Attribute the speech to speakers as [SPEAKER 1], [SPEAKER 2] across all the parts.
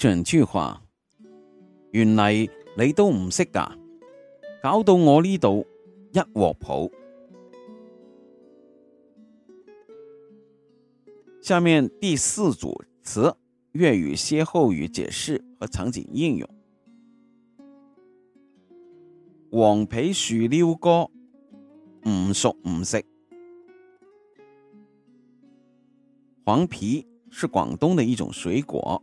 [SPEAKER 1] 常珠話：原嚟你都唔識噶，搞到我呢度一鑊泡。下面第四組詞粵語歇後語解釋和常見應用：黃皮樹雕哥，唔熟唔識。黃皮是廣東的一種水果。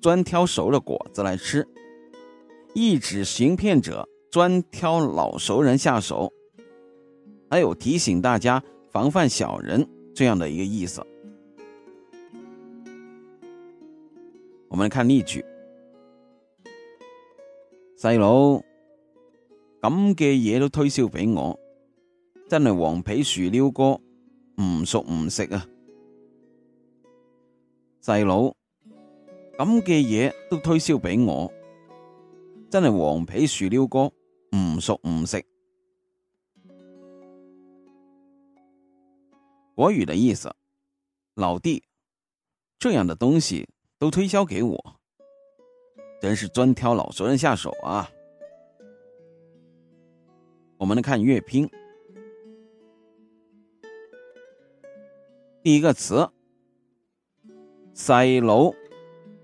[SPEAKER 1] 專挑熟的果子來吃，意指行騙者專挑老熟人下手，還有提醒大家防範小人這樣的一個意思。我們看例句：細佬，咁嘅嘢都推銷俾我，真係黃皮樹了哥，唔熟唔食啊，細佬。咁嘅嘢都推銷俾我，真係黃皮樹了哥，唔熟唔食。國語的意思，老弟，這樣的東西都推銷給我，真是專挑老熟人下手啊！我們來看粵拼，第一個詞，細佬。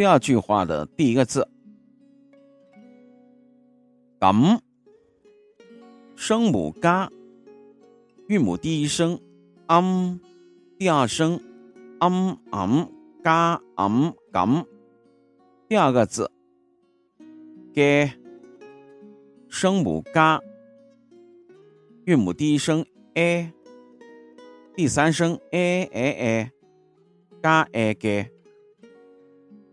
[SPEAKER 1] 第二句話的第一個字咁聲母加，韻母第一聲嗯，、嗯、第二聲嗯嗯加嗯咁，第二個字嘅 e 聲母加，韻母第一聲欸，、欸、第三聲欸欸欸加，欸嘅。欸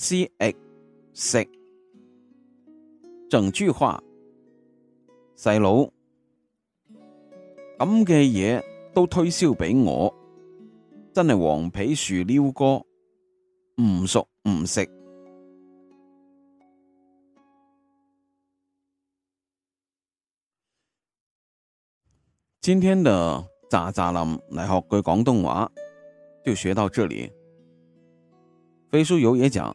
[SPEAKER 1] 食食，整句話，細佬，咁嘅嘢都推銷畀我，真係黃皮樹了哥，唔熟唔食。今天的嗱嗱臨，嚟學句廣東話，就學到這裏。飛叔有嘢講。